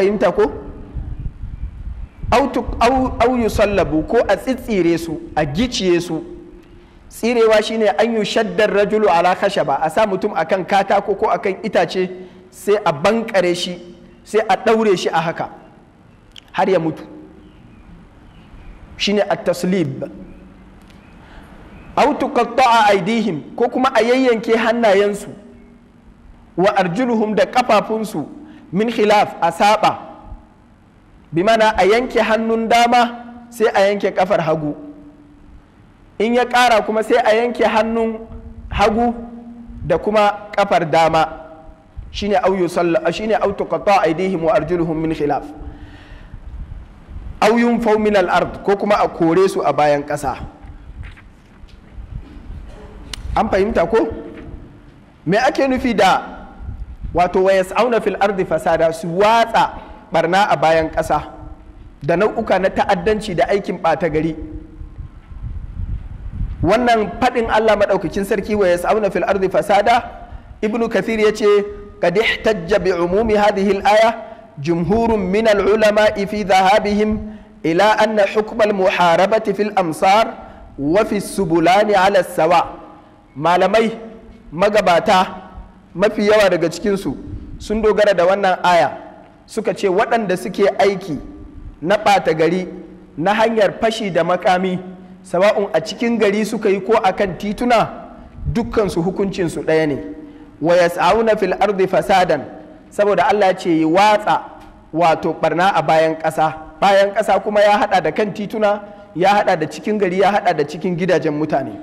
fahimta ko au sallabu ko a tsitsire su a giciye su tsirewa shine an yi shaddar rajulu ala ba a sa mutum akan katako ko akan itace sai a bankare shi sai a ɗaure shi a haka har ya mutu shine a taslib au tuqatta'a aidihim ko kuma a yayyanke hannayensu wa arjuluhum da ƙafafunsu. min khilaf a saba bi mana a yanke hannun dama sai a yanke kafar hagu in ya ƙara kuma sai a yanke hannun hagu da kuma kafar dama shine au yusalla shine au tuqata aidihim wa arjuluhum min khilaf au yunfaw min al-ard ko kuma a kore su a bayan ƙasa an fahimta ko me ake nufi da wato wa yas'auna fil ardi fasada su watsa barna a bayan ƙasa da nau'uka na ta'addanci da aikin ɓata gari wannan faɗin Allah maɗaukakin sarki wa yas'auna fil ardi fasada ibnu kathir yace qad ihtajja bi umumi hadhihi al aya jumhurun min al ulama fi dhahabihim ila anna hukm al muharabati fil amsar wa fi subulani ala sawa malamai magabata mafi yawa daga cikinsu sun dogara da wannan aya suka ce waɗanda suke aiki na ɓata gari na hanyar fashi da makami sawa'un a cikin gari suka yi ko a kan tituna dukkansu hukuncinsu ɗaya ne wa yas'auna fil ardi fasadan saboda Allah ce yi watsa wato barna a bayan ƙasa bayan ƙasa kuma ya haɗa da kan tituna ya haɗa da cikin gari ya haɗa da cikin gidajen mutane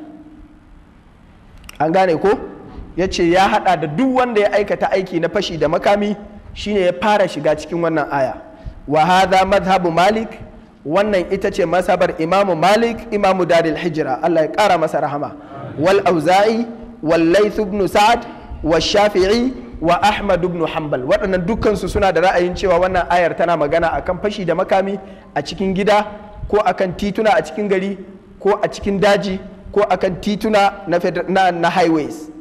an gane ko ya ce ya hada da duk wanda ya aikata aiki na fashi da makami shine ya fara shiga cikin wannan aya wa hadha madhhabu malik wannan ita ce masabar imamu malik imamu daril hijira Allah ya kara masa rahama wal auza'i wal laith ibn sa'ad wa shafi'i wa ahmad ibn hanbal waɗannan dukkansu suna da ra'ayin cewa wannan ayar tana magana akan fashi da makami a cikin gida ko akan tituna a cikin gari ko a cikin daji ko akan tituna na, na highways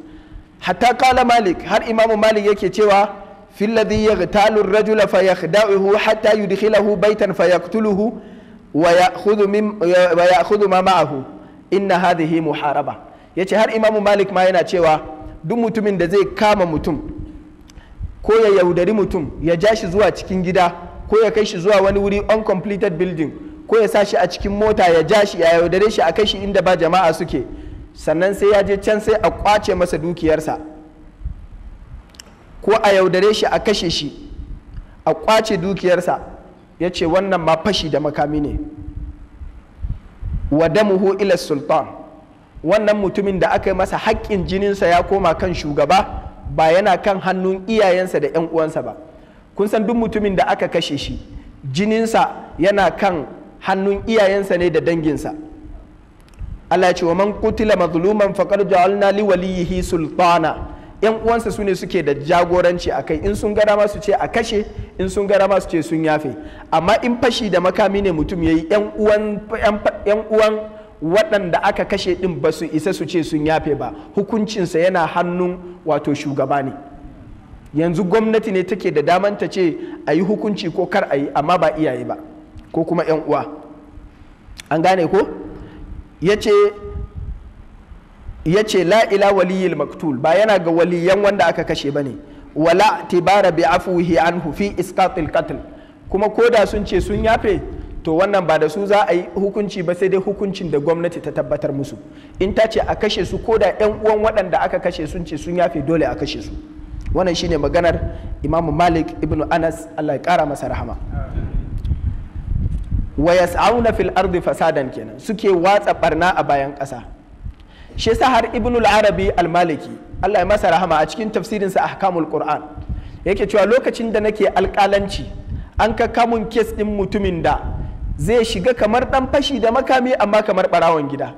hatta kala malik har imamu malik yake cewa fil ladhi yaghtalu ar-rajula fayakhda'uhu hatta yudkhilahu baytan fayaqtuluhu wa ya'khudhu min wa ya'khudhu ma ma'ahu inna hadhihi muharaba yace har imamu malik ma yana cewa duk mutumin da zai kama mutum ko ya yaudari mutum ya ja shi zuwa cikin gida ko ya kai shi zuwa wani wuri uncompleted building ko ya sa shi a cikin mota ya ja shi ya yaudare shi a kai shi inda ba jama'a suke sannan sai ya je can sai a kwace masa dukiyarsa ko a yaudare shi a kashe shi a kwace dukiyarsa ya ce wannan ma fashi da makami ne wa ila sultan wannan mutumin da aka yi masa haƙƙin jininsa ya koma kan shugaba ba yana kan hannun iyayensa da 'yan uwansa ba kun san duk mutumin da aka kashe shi jininsa yana kan hannun iyayensa ne da danginsa Allah ya ce wa man kutila mazluman faqad ja'alna li waliyihi sultana yan uwansa sune suke da jagoranci akai in sun gara ma su ce a kashe in sun gara ma su ce sun yafe amma in fashi da makami ne mutum yayi yan uwan yan uwan waɗanda aka kashe din ba su isa su ce sun yafe ba hukuncinsa yana hannun wato shugaba ne yanzu gwamnati ne take da daman ta ce a yi hukunci ko kar a yi amma ba iyaye ba ko kuma yan uwa an gane ko ya ce la'ila waliyyil maktul ba yana ga waliyan wanda aka kashe ba ne wala tibara bi afuhi anhu fi iskatil qatl kuma ko da sun ce sun yafe to wannan ba da su za a yi hukunci ba sai dai hukuncin da gwamnati ta tabbatar musu in ta ce a kashe su ko da yan uwan waɗanda aka kashe sun ce sun yafe dole a kashe su wannan shine maganar imamu malik ibnu anas allah ya kara masa rahama wa yas'auna fil ardi fasadan kenan suke watsa barna a bayan ƙasa shi yasa har ibnul arabi al-maliki Allah ya masa rahama a cikin tafsirin sa ahkamul qur'an yake cewa lokacin da nake alƙalanci an ka kamun kes din mutumin da zai shiga kamar dan fashi da makami amma kamar barawon gida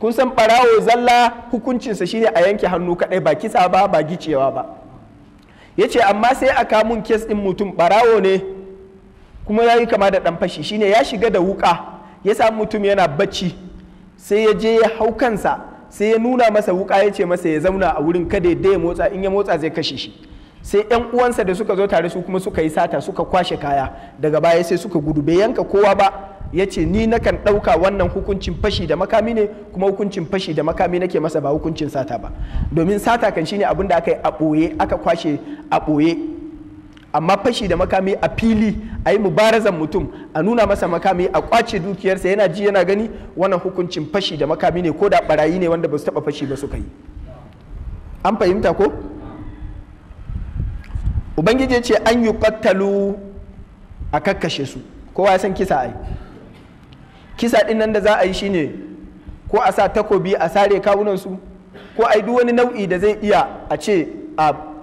kun san barawo zalla hukuncinsa shine a yanke hannu kadai ba kisa ba ba gicewa ba yace amma sai a kamun kes din mutum barawo ne kuma ya yi kama da ɗan fashi shine ya shiga da wuka ya samu mutum yana bacci sai ya je ya hau kansa sai ya nuna masa wuka ya ce masa ya zauna a wurin kada ya ya motsa in ya motsa zai kashe shi sai yan uwansa da suka zo tare su kuma suka yi sata suka kwashe kaya daga baya sai suka gudu bai yanka kowa ba ya ce ni nakan ɗauka wannan hukuncin fashi da makami ne kuma hukuncin fashi da makami nake masa ba hukuncin sata ba domin sata kan shine abin da aka yi a ɓoye aka kwashe a ɓoye amma fashi da makami a fili a yi mubarazan mutum a nuna masa makami a kwace dukiyarsa yana ji yana gani wannan hukuncin fashi da makami ne ko da barayi ne wanda ba su taba fashi ba suka yi an fahimta ko ubangiji ce an yi kwattalu a kakkashe su kowa ya san kisa ai kisa din nan da za a yi shine ko a sa takobi a sare kawunan su ko a yi duk wani nau'i da zai iya a ce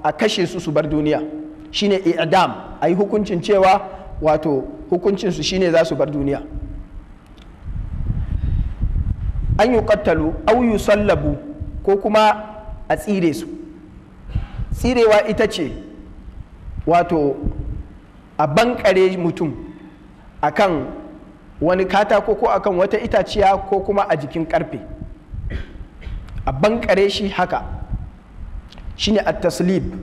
a kashe su su bar duniya shine i'dam yi hukuncin cewa wato hukuncinsu shine za su bar duniya an yi kattalu auyu sallabu ko kuma a tsire su tsirewa ita ce wato a bankare mutum akan wani katako ko akan wata itaciya ko kuma a jikin karfe a bankare shi haka shine a taslib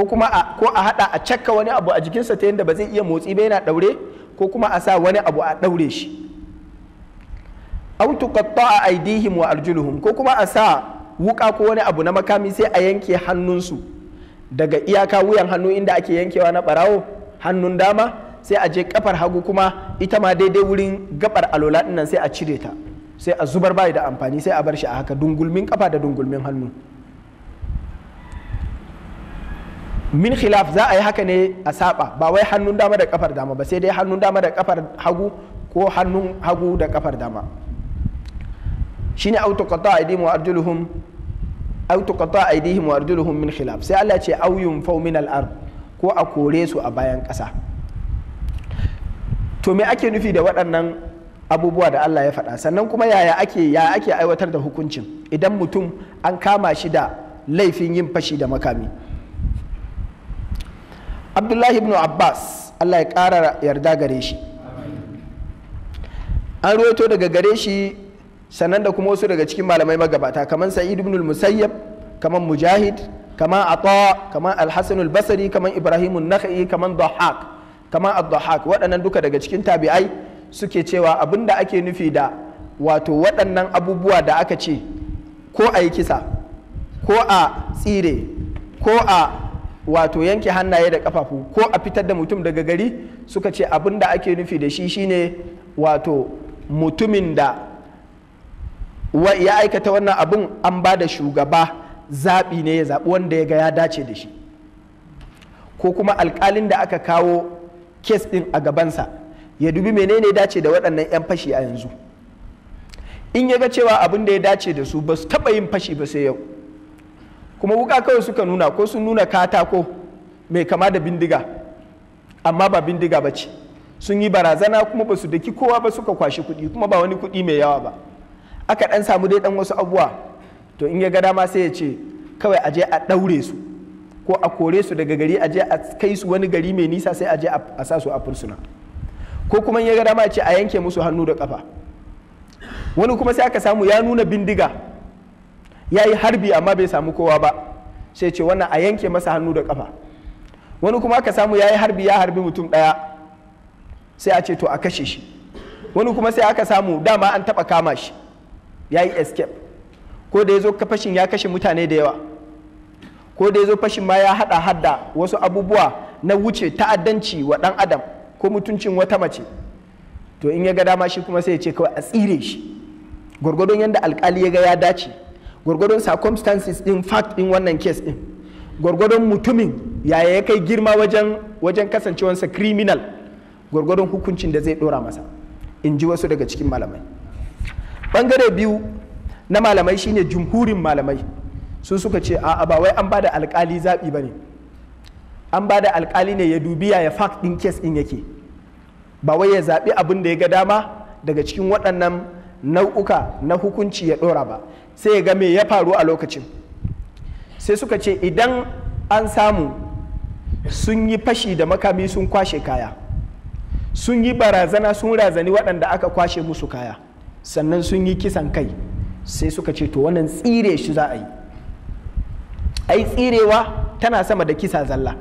ko kuma a ko a hada a cakka wani abu a jikinsa ta yadda ba zai iya motsi ba yana daure ko kuma a sa wani abu a daure shi aw a aydihim wa arjuluhum ko kuma a sa wuka ko wani abu na makami sai a yanke hannunsu daga iyaka wuyan hannu inda ake yankewa na barawo hannun dama sai a je kafar hagu kuma ita ma daidai wurin gabar alola dinnan sai a cire ta sai a zubar bai da amfani sai a bar shi a haka dungulmin kafa da dungulmin hannu min khilaf za a yi haka ne a saba ba wai hannun dama da kafar dama ba sai dai hannun dama da kafar hagu ko hannun hagu da kafar dama shine auto aydihim wa arjuluhum auto min khilaf sai Allah ce au yunfau min al ko a kore su a bayan kasa to me ake nufi da waɗannan abubuwa da Allah ya faɗa sannan kuma yaya ake yaya ake aiwatar da hukuncin idan mutum an kama shi da laifin yin fashi da makami abdullahi ibn abbas allah ya ƙara yarda gare shi an ruwaito daga gare shi sannan da kuma wasu daga cikin malamai magabata kamar sa'id ibn musayyab kamar mujahid kamar ata kamar alhassanul basari kamar ibrahim nakhai kamar dhahak kamar ad-dhahak waɗannan duka daga cikin tabi'ai suke cewa abin da ake nufi da wato waɗannan abubuwa da aka ce ko a yi kisa ko a tsire ko a wato yanke hannaye da kafafu ko a fitar da mutum daga gari suka ce abin da ake nufi da shi shine wato mutumin da ya aikata wannan abin an ba da shugaba zaɓi ne ya zaɓi wanda ya ga ya dace da shi ko kuma alƙalin da aka kawo kes ɗin a gabansa ya dubi menene dace da waɗannan 'yan fashi a yanzu in ya ga cewa abin da ya dace da su ba su taɓa yin fashi ba sai yau kuma wuka kawai suka nuna ko sun nuna katako mai kama da bindiga amma ba bindiga ba ce sun yi barazana kuma ba su daki kowa ba suka kwashi kuɗi kuma ba wani kuɗi mai yawa ba aka ɗan samu dai ɗan wasu abuwa, to in ya ga dama sai ya ce kawai a je a ɗaure su ko a kore su daga gari a a kai su wani gari mai nisa sai aje a sa su a fursuna ko kuma in ya ga dama ce a yanke musu hannu da kafa wani kuma sai aka samu ya nuna bindiga ya yi harbi amma bai samu kowa ba sai ce wannan a yanke masa hannu da kafa wani kuma aka samu ya yi harbi ya harbi mutum ɗaya sai a ce to a kashe shi wani kuma sai aka samu dama an taɓa kama shi ya yi escape ko da ya zo fashin ya kashe mutane da yawa ko da ya zo fashin ma ya haɗa hadda wasu abubuwa na wuce ta'addanci wa dan adam ko mutuncin wata mace to in ya ga dama shi kuma sai ya ce kawai a tsire shi gwargwadon yadda alkali ya ga ya dace gwargwadon circumstances in fact in wannan case din gwargwadon mutumin yaya ya kai girma wajen wajen kasancewansa criminal gwargwadon hukuncin da zai dora masa in ji wasu daga cikin malamai bangare biyu na malamai shine jumhurin malamai su suka ce a ba wai an bada alkali zaɓi ba ne an ba da alkali ne ya dubi ya fact din case din yake ba wai ya zaɓi abin da ya ga dama daga cikin waɗannan nau'uka na hukunci ya ɗora ba sai ya ga me ya faru a lokacin sai suka ce idan an samu sun yi fashi da makami sun kwashe kaya sun yi barazana sun razani waɗanda aka kwashe musu kaya sannan sun yi kisan kai sai suka ce to wannan tsire shi za a yi ai tsirewa tana sama da kisa zalla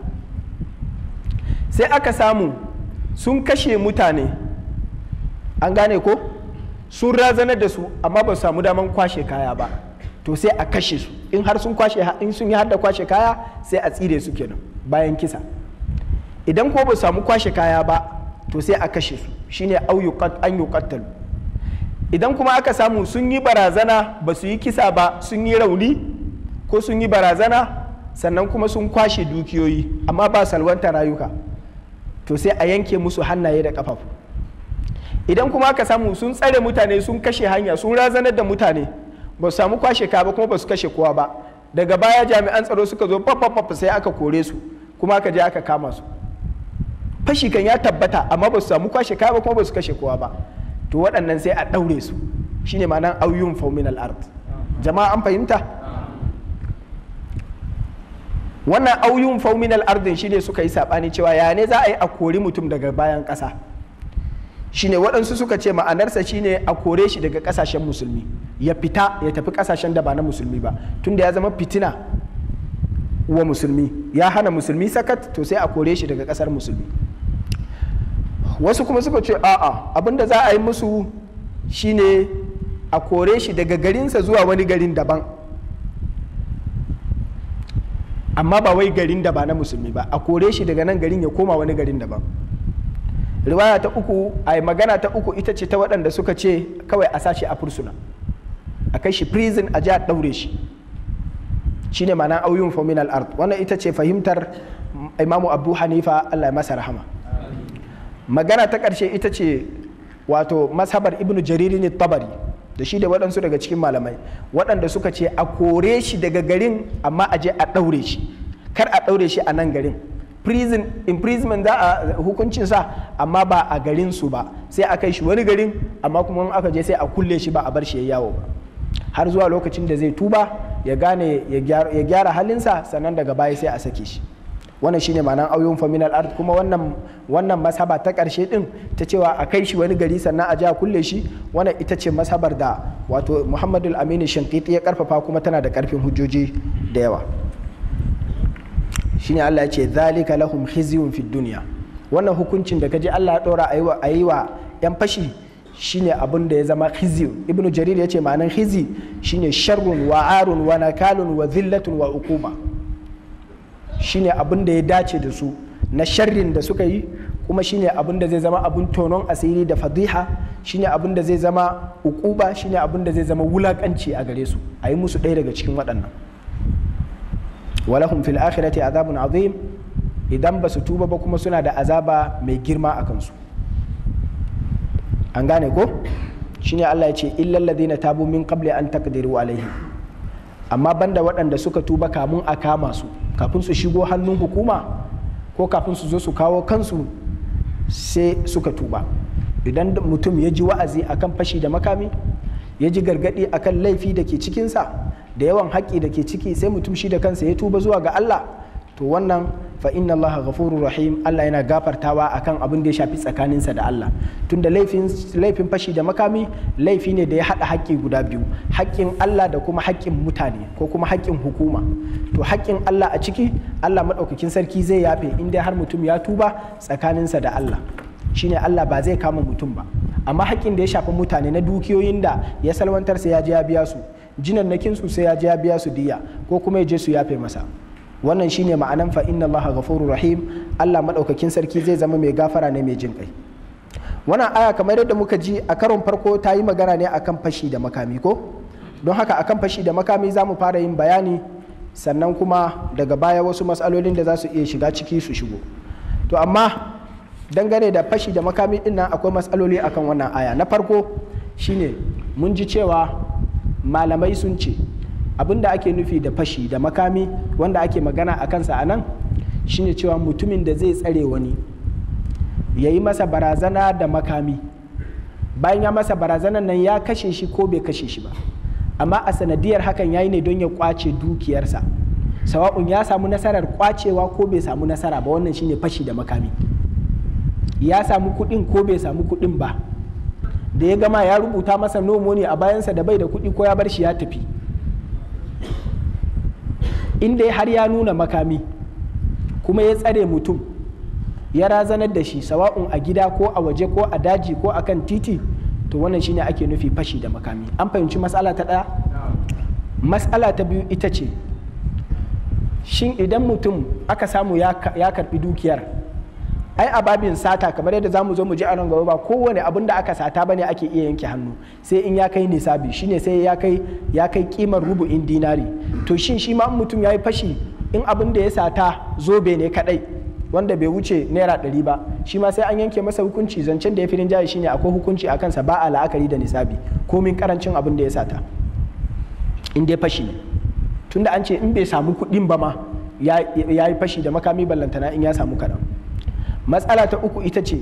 sai aka samu sun kashe mutane an gane ko sun razanar da su amma ba su samu daman kwashe kaya ba to sai a kashe su in har sun kwashe in sun yi har da kwashe kaya sai a tsire su kenan bayan kisa idan ko ba su samu kwashe kaya ba to sai a kashe su shine an yuqattalu idan kuma aka samu sun yi barazana ba su yi kisa ba sun yi rauni ko sun yi barazana sannan kuma sun kwashe dukiyoyi amma ba salwanta rayuka to sai a yanke musu hannaye da kafafu idan kuma ka samu sun tsare mutane sun kashe hanya sun razanar da mutane ba su samu kwashe ka ba kuma ba su kashe kowa ba daga baya jami'an tsaro suka zo fafafafa sai aka kore su kuma aka je aka kama su fashi kan ya tabbata amma ba su samu kwashe ka ba kuma ba su kashe kowa ba to waɗannan sai a ɗaure su shine ma'anar auyun fauminal art jama'a an fahimta wannan auyun fauminal ardin shine suka yi saɓani cewa ya ne za a yi a kori mutum daga bayan ƙasa shine waɗansu suka ce ma'anarsa shine a kore shi daga ƙasashen musulmi ya fita ya tafi ƙasashen da ba na musulmi ba tunda ya zama fitina wa musulmi ya hana musulmi sakat to sai a kore shi daga ƙasar musulmi wasu kuma suka ce a'a abinda za a yi musu shine a kore shi daga garinsa zuwa wani garin daban amma ba wai garin da ba na musulmi ba a kore shi daga nan garin ya koma wani garin daban riwaya ta uku a magana ta uku ita ce ta waɗanda suka ce kawai a sashi a fursuna a kai shi prison a ji a ɗaure shi shine ma'ana auyun fominal art wannan ita ce fahimtar imamu abu hanifa allah masa rahama magana ta ƙarshe ita ce wato mashabar ibnu ne tabari da shi da waɗansu daga cikin malamai waɗanda suka ce a kore shi daga garin amma a je a ɗaure shi kar a ɗaure shi a nan garin prison imprisonment za a hukuncin sa amma ba a garin su ba sai a kai shi wani garin amma kuma aka je sai a kulle shi ba a bar shi ya yawo ba har zuwa lokacin da zai tuba ya gane ya gyara halinsa sannan daga baya sai a sake shi wannan shine ma'anar auyun faminal art kuma wannan wannan mashaba ta karshe din ta cewa a kai shi wani gari sannan a ja kulle shi wannan ita ce mashabar da wato muhammadul aminu shinkiti ya karfafa kuma tana da karfin hujjoji da yawa shine Allah ya ce zalika lahum khizyun fid dunya wannan hukuncin da kaji Allah ya dora ayiwa ayiwa yan fashi shine abin da ya zama khizy ibn jarir ya ce ma'anan khizy shine sharrun wa arun wa nakalun wa zillatun wa Shi shine abin da ya dace da su na sharrin da suka yi kuma shine abin da zai zama abin tonon asiri da fadiha shine abin da zai zama shi shine abin da zai zama wulakanci a gare su a yi musu ɗaya daga cikin waɗannan walahum fil akhirati azabun azim idan ba su tuba ba kuma suna da azaba mai girma a kansu an gane ko shine Allah ya ce illal ladina tabu min qabli an taqdiru alaihi amma banda waɗanda suka tuba kamun a kama su kafin su shigo hannun hukuma ko kafin su zo su kawo kansu sai suka tuba idan mutum ya ji wa'azi akan fashi da makami ya ji gargadi akan laifi da ke cikinsa da yawan haƙƙi da ke ciki sai mutum shi da kansa ya tuba zuwa ga Allah to wannan fa inna Allah ghafurur rahim Allah yana gafartawa akan abin da ya shafi tsakaninsa da Allah tunda laifin laifin fashi da makami laifi ne da ya hada haƙƙi guda biyu haƙƙin Allah da kuma haƙƙin mutane ko kuma haƙƙin hukuma to haƙƙin Allah a ciki Allah madaukakin sarki zai yafe in dai har mutum ya tuba tsakaninsa da Allah shine Allah ba zai kama mutum ba amma haƙƙin da ya shafi mutane na dukiyoyin da ya salwantar sai ya je ya biya su jinan jinannakin su sai ya je ya biya su diya ko kuma ya je su yafe masa wannan shine ma'anan fa inna allaha ghafurur rahim Allah madaukakin sarki zai zama mai gafara ne mai jin kai wannan aya kamar yadda muka ji a karon farko ta yi magana ne akan fashi da makami ko don haka akan fashi da makami za mu fara yin bayani sannan kuma daga baya wasu matsalolin da za su iya shiga ciki su shigo to amma dangane da fashi da makami din nan akwai matsaloli akan wannan aya na farko shine mun ji cewa malamai sun ce abin da ake nufi da fashi da makami wanda ake magana a kansa a nan shine cewa mutumin da zai tsare wani ya yi masa barazana da makami bayan ya masa barazanan nan ya kashe shi ko bai kashe shi ba amma a sanadiyar hakan ya yi ne don ya kwace dukiyarsa sawa'un ya samu nasarar kwacewa ko bai samu nasara ba wannan shine fashi da makami ya samu kuɗin ko bai samu kuɗin ba da ya gama ya rubuta masa nomo ne a bayansa da bai da kuɗi ko ya bar shi ya tafi inda har ya nuna makami kuma ya tsare mutum ya razanar da shi sawa'un a gida ko a waje ko a daji ko a kan titi to wannan shine ake nufi fashi da makami an fahimci matsala ta ɗaya matsala ta biyu ita ce shin idan mutum aka samu ya karɓi dukiyar ai a babin sata kamar yadda zamu zo mu ji a nan gaba ba kowane abin da aka sata bane ake iya yanke hannu sai in ya kai nisabi shine sai ya kai ya kai kimar rubu'in dinari to shin shi ma mutum yayi yi fashi in abin da ya sata zobe ne kadai wanda bai wuce naira ɗari ba shi ma sai an yanke masa hukunci zancen da ya firin jari shine akwai hukunci a kansa ba a la'akari da nisabi komin karancin abin da ya sata in dai fashi ne tunda an ce in bai samu kuɗin ba ma ya yi fashi da makami ballantana in ya samu kaɗan matsala ta uku ita ce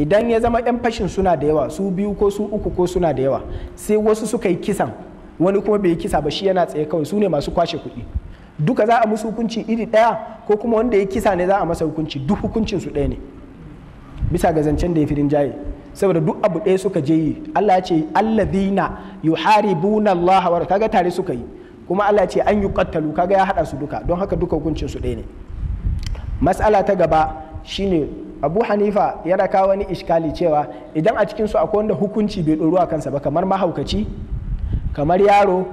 idan ya zama 'yan fashin suna da yawa su biyu ko su uku ko suna da yawa sai wasu suka yi kisan wani kuma bai yi kisa ba shi yana tsaye kawai su ne masu kwashe kuɗi duka za a musu hukunci iri ɗaya ko kuma wanda ya kisa ne za a masa hukunci duk hukuncin su ɗaya ne bisa ga zancen da ya fi rinjaye saboda duk abu ɗaya suka je yi Allah ya ce allazina yuharibuna Allah wa kaga tare suka yi kuma Allah ce an yi yuqattalu kaga ya haɗa su duka don haka duka hukuncin su ɗaya ne mas'ala ta gaba shine abu hanifa yana kawo wani iskali cewa idan a cikinsu akwai wanda hukunci bai ɗoru a kansa ba kamar mahaukaci kamar yaro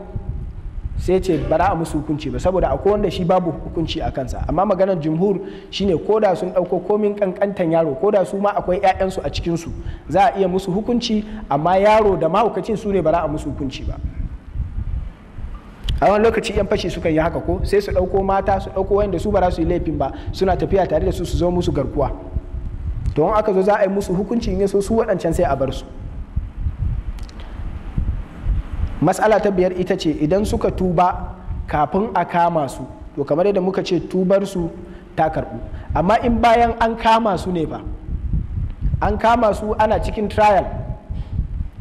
sai ce bara a musu hukunci ba saboda akwai wanda shi babu hukunci a kansa amma maganar jumhur shine ko da sun ɗauko komin kankantan yaro ko da su ma akwai 'ya'yansu a cikinsu za a iya musu hukunci amma yaro da mahaukacin su ne bara a musu hukunci ba a wani lokaci yan fashi sukan yi haka ko sai su ɗauko mata su ɗauko wanda su ba su yi laifin ba suna tafiya tare da su su zo musu garkuwa to in aka zo za a yi musu hukunci in so su waɗancan sai a bar su matsala ta biyar ita ce idan suka tuba kafin a kama su to kamar yadda muka ce tubar su ta karɓu amma in bayan an kama su ne ba an kama su ana cikin trial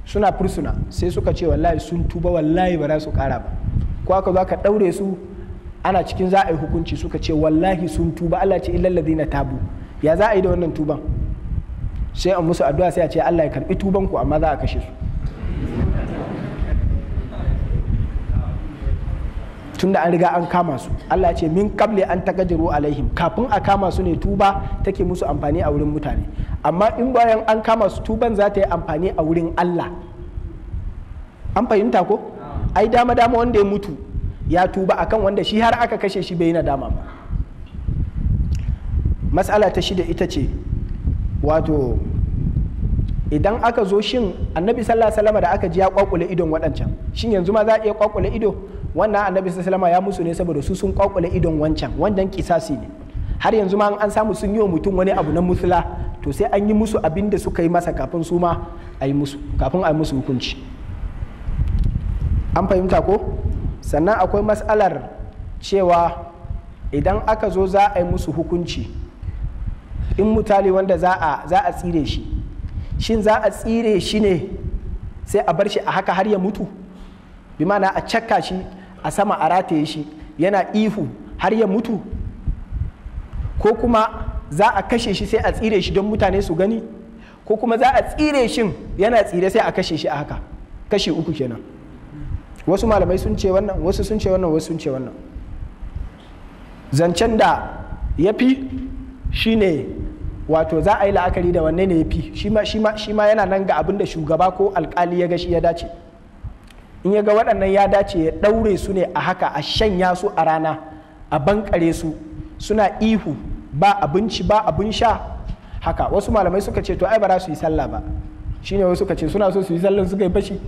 suna fursuna sai suka ce wallahi sun tuba wallahi ba za su ƙara ba ko aka za ka ɗaure su ana cikin za a yi hukunci suka ce wallahi sun tuba Allah ce illal ladina tabu ya za a yi da wannan tuban sai an musu addu'a sai a ce Allah ya karbi tuban ku amma za a kashe su tunda an riga an kama su Allah ce min kable an takajiru alaihim kafin a kama su ne tuba take musu amfani a wurin mutane amma in bayan an kama su tuban za ta yi amfani a wurin Allah an fahimta ko ai dama dama wanda ya mutu ya tuba akan wanda shi har aka kashe shi bai na dama ba matsala ta shida ita ce wato idan aka zo shin annabi sallallahu alaihi da aka ji ya kwakule idon waɗancan shin yanzu ma za a iya kwakule ido wannan annabi sallallahu alaihi ya musu ne saboda su sun kwakule idon wancan wancan kisasi ne har yanzu ma an samu sun yi wa mutum wani abu na musula to sai an yi musu abin da suka yi masa kafin su ma a musu kafin a yi musu hukunci an fahimta ko sannan akwai matsalar cewa idan aka zo za a yi musu hukunci in mutali wanda za a za a tsire shi shin za a tsire shi ne sai a bar shi a haka har ya mutu bi mana a cakka shi a sama a rataye shi yana ihu har ya mutu ko kuma za a kashe shi sai a tsire shi don mutane su gani ko kuma za a tsire shin yana tsire sai a kashe shi a haka kashe uku kenan wasu malamai sun ce wannan wasu sun ce wannan wasu sun ce wannan zancen da ya fi shi ne wato za a yi la'akari da wanne ne ya fi shi ma yana nan ga abin da shugaba ko alkali ya gashi ya dace in ya ga waɗannan ya dace ya ɗaure su ne a haka a shanya su a rana a bankare su suna ihu ba abinci ba abin sha haka wasu malamai suka ce to ai ba za su yi sallah ba shine wasu suka ce suna so su yi sallah suka yi fashi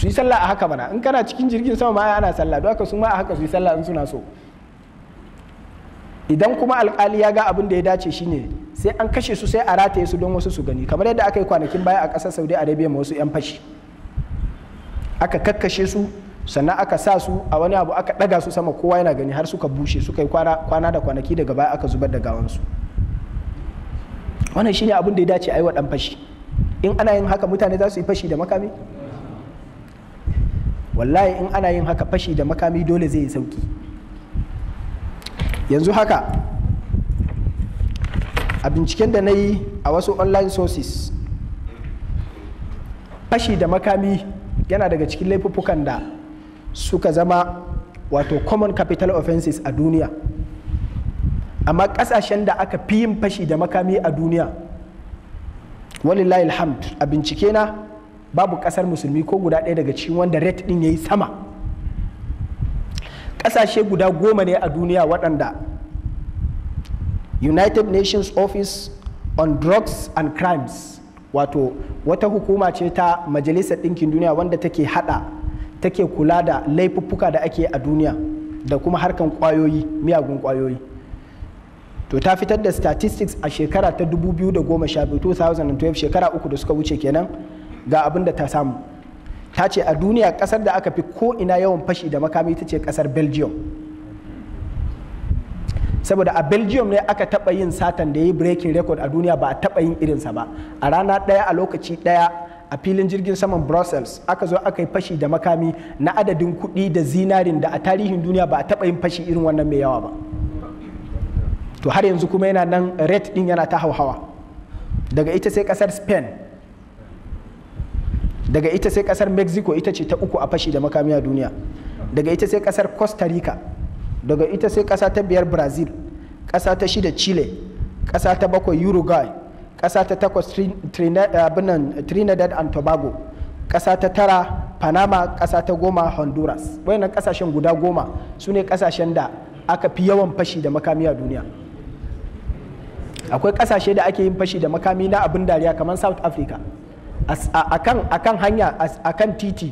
su yi sallah a haka mana in kana cikin jirgin sama ma ana sallah don haka su ma a haka su yi sallah in suna so idan kuma alkali ya ga abin da ya dace shine sai an kashe su sai a rataye su don wasu su gani kamar yadda aka yi kwanakin baya a ƙasar saudi arabia ma wasu 'yan fashi aka kakkashe su sannan aka sa su a wani abu aka daga su sama kowa yana gani har suka bushe suka yi kwana da kwanaki daga baya aka zubar da gawansu wannan shine abin da ya dace a yi wa dan fashi in ana yin haka mutane za su yi fashi da makami wallahi in ana yin haka fashi da makami dole zai yi sauki yanzu haka a binciken da na yi a wasu online sources fashi da makami yana daga cikin laifuffukan da suka zama wato common capital offenses a duniya amma kasashen da aka fi yin fashi da makami a duniya walillahi alhamd a bincike na babu kasar musulmi ko guda ɗaya daga cikin wanda rate ɗin ya yi sama ƙasashe guda goma ne a duniya waɗanda united nations office on drugs and crimes wato wata hukuma ce ta majalisar ɗinkin duniya wanda take haɗa take kula da laifuffuka da ake a duniya da kuma harkan kwayoyi miyagun kwayoyi to ta fitar da statistics a shekara ta 2012 shekara uku da suka wuce kenan ga abin da ta samu ta ce a duniya kasar da aka fi ko ina yawan fashi da makami ta ce kasar belgium saboda a belgium ne aka taba yin satan da ya yi breaking record a duniya ba a taɓa yin irinsa ba a rana ɗaya a lokaci ɗaya a filin jirgin saman brussels aka zo aka yi fashi da makami na adadin kuɗi da zinarin da a tarihin duniya ba a taba yin fashi irin wannan mai yawa ba to har yanzu kuma yana nan rate din yana ta hauhawa daga ita sai ƙasar spain daga ita sai kasar mexico ita ce ta uku a fashi da makami duniya daga ita sai kasar costa rica daga ita sai kasa ta biyar brazil kasa ta shida chile kasa ta bakwai uruguay kasa ta takwas trinidad and tobago kasa ta tara panama kasa ta goma honduras wayannan kasashen guda goma su ne kasashen da aka fi yawan fashi da makami duniya akwai kasashe da ake yin fashi da makami na abin dariya kamar south africa akan hanya akan titi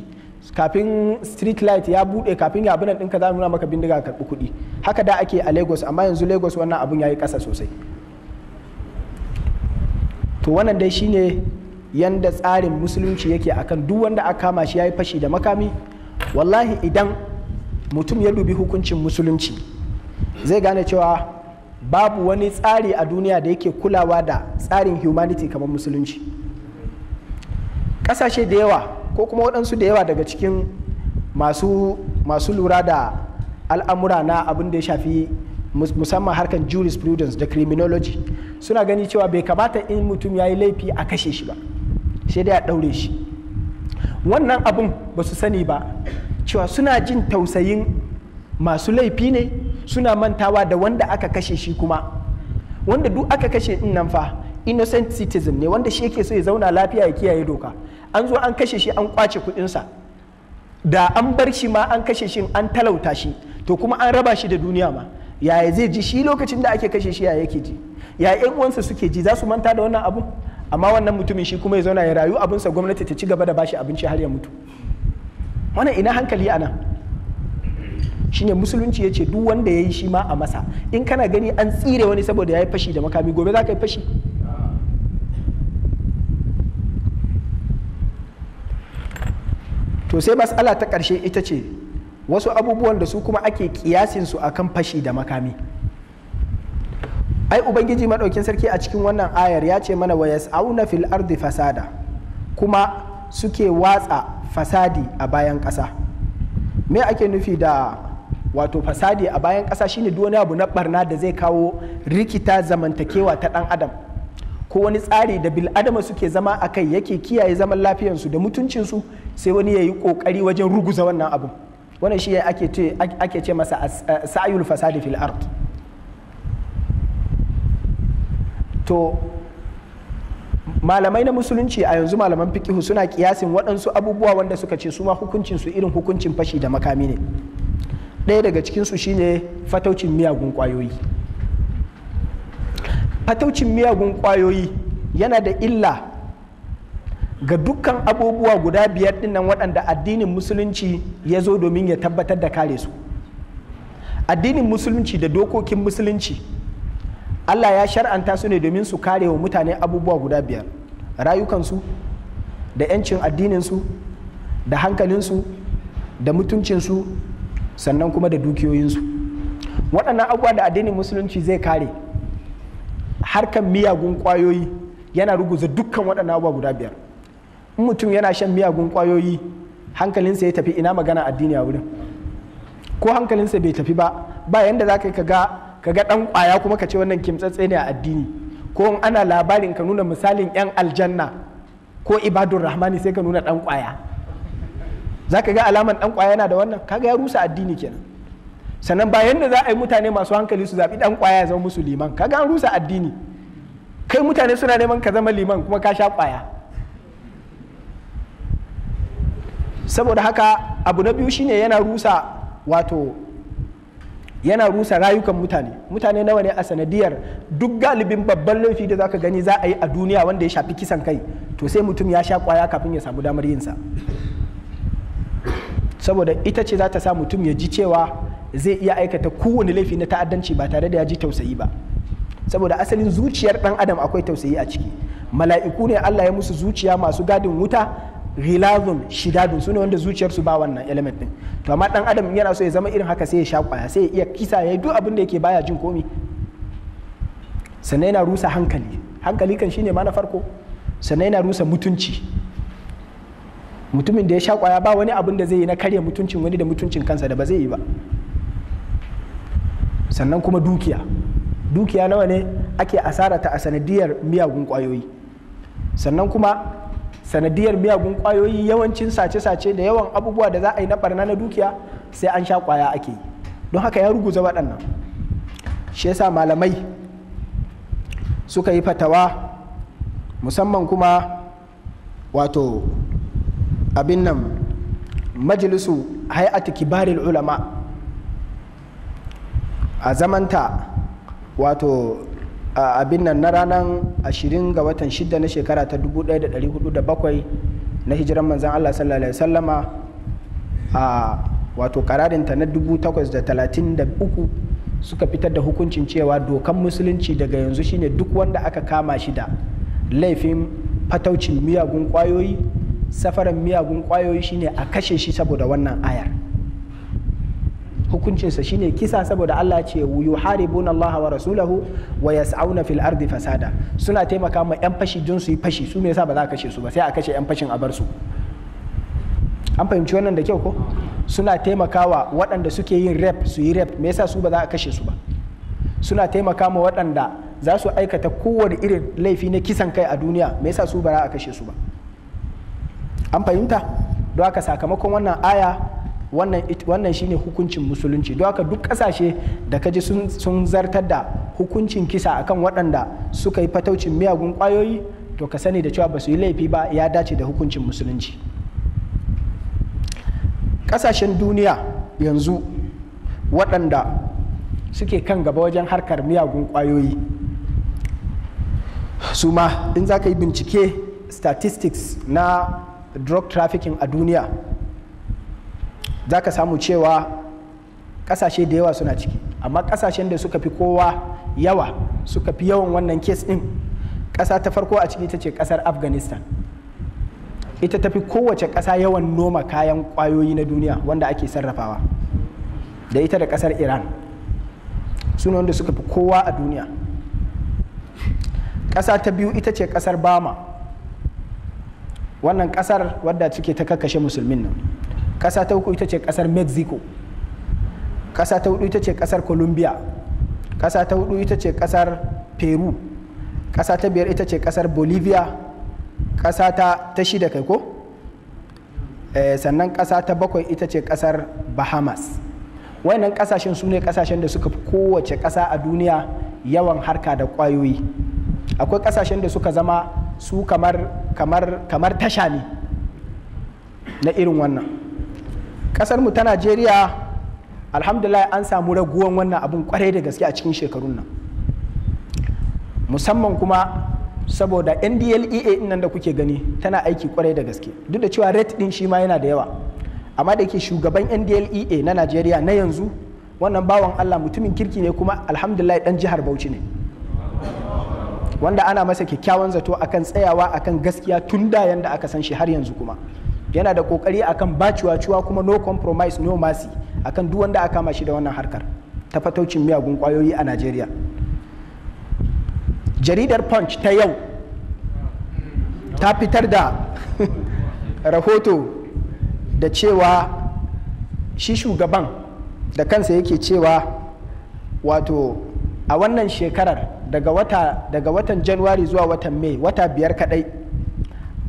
kafin street light ya bude kafin ya abinan dinka za nuna maka bindiga karɓi kuɗi haka da ake a lagos amma yanzu lagos wannan abun ya yi ƙasa sosai to wannan dai shine yanda tsarin musulunci yake akan duk wanda aka kama shi ya yi fashi da makami wallahi idan mutum ya dubi hukuncin musulunci zai gane cewa babu wani tsari a duniya da yake kulawa da tsarin humanity kamar musulunci kasashe da yawa ko kuma waɗansu da yawa daga cikin masu lura da al'amura na abin da ya shafi musamman harkar jurisprudence da criminology suna gani cewa bai kamata in mutum ya yi laifi a kashe shi ba sai dai a ɗaure shi wannan abun ba su sani ba cewa suna jin tausayin masu laifi ne suna mantawa da wanda aka kashe shi kuma wanda duk aka kashe din nan fa innocent citizen ne wanda shi yake so ya zauna lafiya ya kiyaye doka an zo an kashe shi an kwace kuɗinsa da an bar shi ma an kashe shi an talauta shi to kuma an raba shi da duniya ma yaya zai ji shi lokacin da ake kashe shi ya yake ji ya yan uwansa suke ji za su manta da wannan abun amma wannan mutumin shi kuma ya zauna ya rayu abinsa gwamnati ta ci gaba da bashi abinci har ya mutu wannan ina hankali a nan shine musulunci ya ce duk wanda ya yi shi ma a masa in kana gani an tsire wani saboda ya yi fashi da makami gobe za ka yi fashi to sai matsala ta ƙarshe ita ce wasu abubuwan da su kuma ake kiyasin su akan fashi da makami ai ubangiji maɗaukin sarki a cikin wannan ayar ya ce mana wayas auna fil ardi fasada kuma suke watsa fasadi a bayan ƙasa me ake nufi da wato fasadi a bayan ƙasa shine duk wani abu na barna da zai kawo rikita zamantakewa ta ɗan adam ko wani tsari da bil'adama suke zama a kai yake kiyaye zaman lafiyarsu da mutuncinsu sai wani ya yi ƙoƙari wajen ruguza wannan abu wannan shi ake ce masa sa'ayul eh, fasadi fil ard to malamai na musulunci a yanzu malaman fikihu suna kiyasin waɗansu abubuwa wanda suka ce su ma hukuncin su irin hukuncin fashi da makami ne ɗaya daga cikinsu shine fataucin miyagun kwayoyi fataucin miyagun kwayoyi yana da illa ga dukkan abubuwa guda biyar dinnan waɗanda addinin musulunci ya zo domin ya tabbatar da kare su addinin musulunci da dokokin musulunci allah ya shar'anta su ne domin su kare wa mutane abubuwa guda biyar rayukansu da 'yancin addininsu da hankalinsu da mutuncinsu sannan kuma da dukiyoyinsu waɗannan abubuwa da addinin musulunci zai kare harkan miyagun ƙwayoyi yana ruguza dukkan waɗannan abubuwa guda biyar in mutum yana shan miyagun kwayoyi hankalinsa ya tafi ina magana addini a wurin ko hankalinsa bai tafi ba ba yanda za ka ga ka ga dan kwaya kuma ka ce wannan kimtsatse ne a addini ko in ana labarin ka nuna misalin yan aljanna ko ibadun rahmani sai ka nuna dan kwaya za ka ga alaman dan kwaya yana da wannan ka ya rusa addini kenan sannan bayan da za a yi mutane masu hankali su zaɓi ɗan ya zama musu liman kaga an rusa addini kai mutane suna neman ka zama liman kuma ka sha kwaya. saboda haka abu na biyu shine yana rusa wato yana rusa rayukan mutane mutane nawa ne a sanadiyar duk galibin babban laifi da zaka gani za a yi a duniya wanda ya shafi kisan kai to sai mutum ya sha kwaya kafin ya samu damar yinsa saboda ita ce za ta sa mutum ya ji cewa zai iya aikata kowane laifi na ta'addanci ba tare da ya ji tausayi ba saboda asalin zuciyar dan adam akwai tausayi a ciki mala'iku ne Allah ya musu zuciya masu gadin wuta ghilazum shidadun sune wanda zuciyarsu ba wannan element din to amma dan adam yana so ya zama irin haka sai ya sha kwaya sai ya iya kisa ya duk abin da yake baya jin komi sannan yana rusa hankali hankali kan shine ma na farko sannan yana rusa mutunci mutumin da ya sha kwaya ba wani abin da zai yi na karya mutuncin wani da mutuncin kansa da ba zai yi ba sannan kuma dukiya dukiya nawa ne ake asarata a sanadiyar miyagun kwayoyi sannan kuma sanadiyar miyagun kwayoyi yawancin sace-sace da yawan abubuwa da za a yi na barna na dukiya sai an sha kwaya ake yi don haka ya ruguza waɗannan shi yasa malamai suka yi fatawa musamman kuma wato abin nan majalisu hay'atu kibaril ulama a zamanta wato abin nan na ranar ashirin ga watan 6 na shekara ta 1407 na hijiran manzan Allah sallallahu alaihi wasallama a wato kararinta na 833 suka fitar da hukuncin cewa dokan musulunci daga yanzu shine duk wanda aka kama shi da laifin fataucin miyagun kwayoyi safaran miyagun kwayoyi shine a kashe shi saboda wannan ayar hukuncinsa shine kisa saboda Allah ce yuharibuna Allah wa rasulahu wa yas'auna fil ardi fasada suna taimaka ma yan fashi don su yi fashi su me yasa ba za a kashe su ba sai a kashe yan fashin a bar su an fahimci wannan da kyau ko suna taimakawa waɗanda suke yin rap su yi rap me yasa su ba za a kashe su ba suna taimaka ma waɗanda za su aikata kowane irin laifi na kisan kai a duniya me yasa su ba za a kashe su ba an fahimta don haka sakamakon wannan aya wannan shine hukuncin musulunci don haka duk kasashe da ka ji sun zartar da hukuncin kisa akan waɗanda suka yi fataucin miyagun ƙwayoyi to ka sani da cewa ba su yi laifi ba ya dace da hukuncin musulunci ƙasashen duniya yanzu waɗanda suke kan gaba wajen harkar miyagun ƙwayoyi su ma in za ka yi bincike statistics na drug trafficking a duniya za ka samu cewa kasashe da yawa suna ciki amma kasashen da suka fi kowa yawa suka fi yawan wannan kes din kasa ta farko a ciki ita ce kasar afghanistan ita ta fi kowace kasa yawan noma kayan kwayoyi na duniya wanda ake sarrafawa da ita da kasar iran suna wanda suka fi kowa a duniya kasa ta biyu ita ce kasar bama wannan kasar wadda cike ta kakkashe musulmin nan ƙasa ta uku ita ce ƙasar mexico ƙasa ta hudu ita ce ƙasar colombia ƙasa ta hudu ita ce ƙasar peru ƙasa ta biyar ita ce ƙasar bolivia ƙasa ta ta shida kai ko eh, sannan ƙasa ta bakwai ita ce ƙasar bahamas Wannan ƙasashen su ne ƙasashen da suka fi kowace ƙasa a duniya yawan harka da kwayoyi akwai ƙasashen da suka zama su kamar tasha ne na irin wannan kasar mu ta najeriya alhamdulillah an samu raguwan wannan abun kwarai da gaske a cikin shekarun nan musamman kuma saboda ndlea nan da kuke gani tana aiki kwarai da gaske duk da cewa rate din shi ma yana da yawa amma da ke shugaban ndlea na najeriya na yanzu wannan bawan allah mutumin kirki ne kuma alhamdulillah dan jihar bauchi ne wanda ana masa kyakkyawan zato akan tsayawa akan gaskiya tun da yanda aka san shi har yanzu kuma yana da kokari akan baciwa cewa kuma no compromise no mercy akan duk wanda aka kama shi da wannan harkar ta fataucin miyagun kwayoyi a Najeriya jaridar punch ta yau ta fitar da rahoto da cewa shi shugaban da kansa yake cewa wato a wannan shekarar daga watan januari zuwa watan mai wata biyar kadai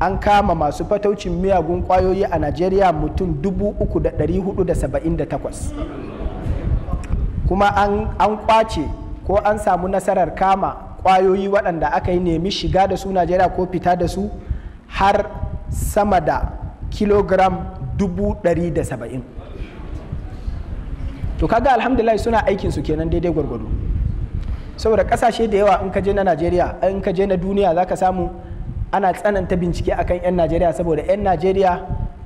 an kama masu fataucin miyagun kwayoyi a najeriya mutum 3,478 kuma an kwace ko an samu nasarar kama kwayoyi waɗanda aka yi nemi shiga da su najeriya ko fita da su har sama da kilogram 170 to kaga alhamdulillah suna su kenan daidai gwargwado saboda kasashe da yawa in ka je na najeriya in ka je na duniya za ka samu ana tsananta bincike akan 'yan najeriya saboda 'yan najeriya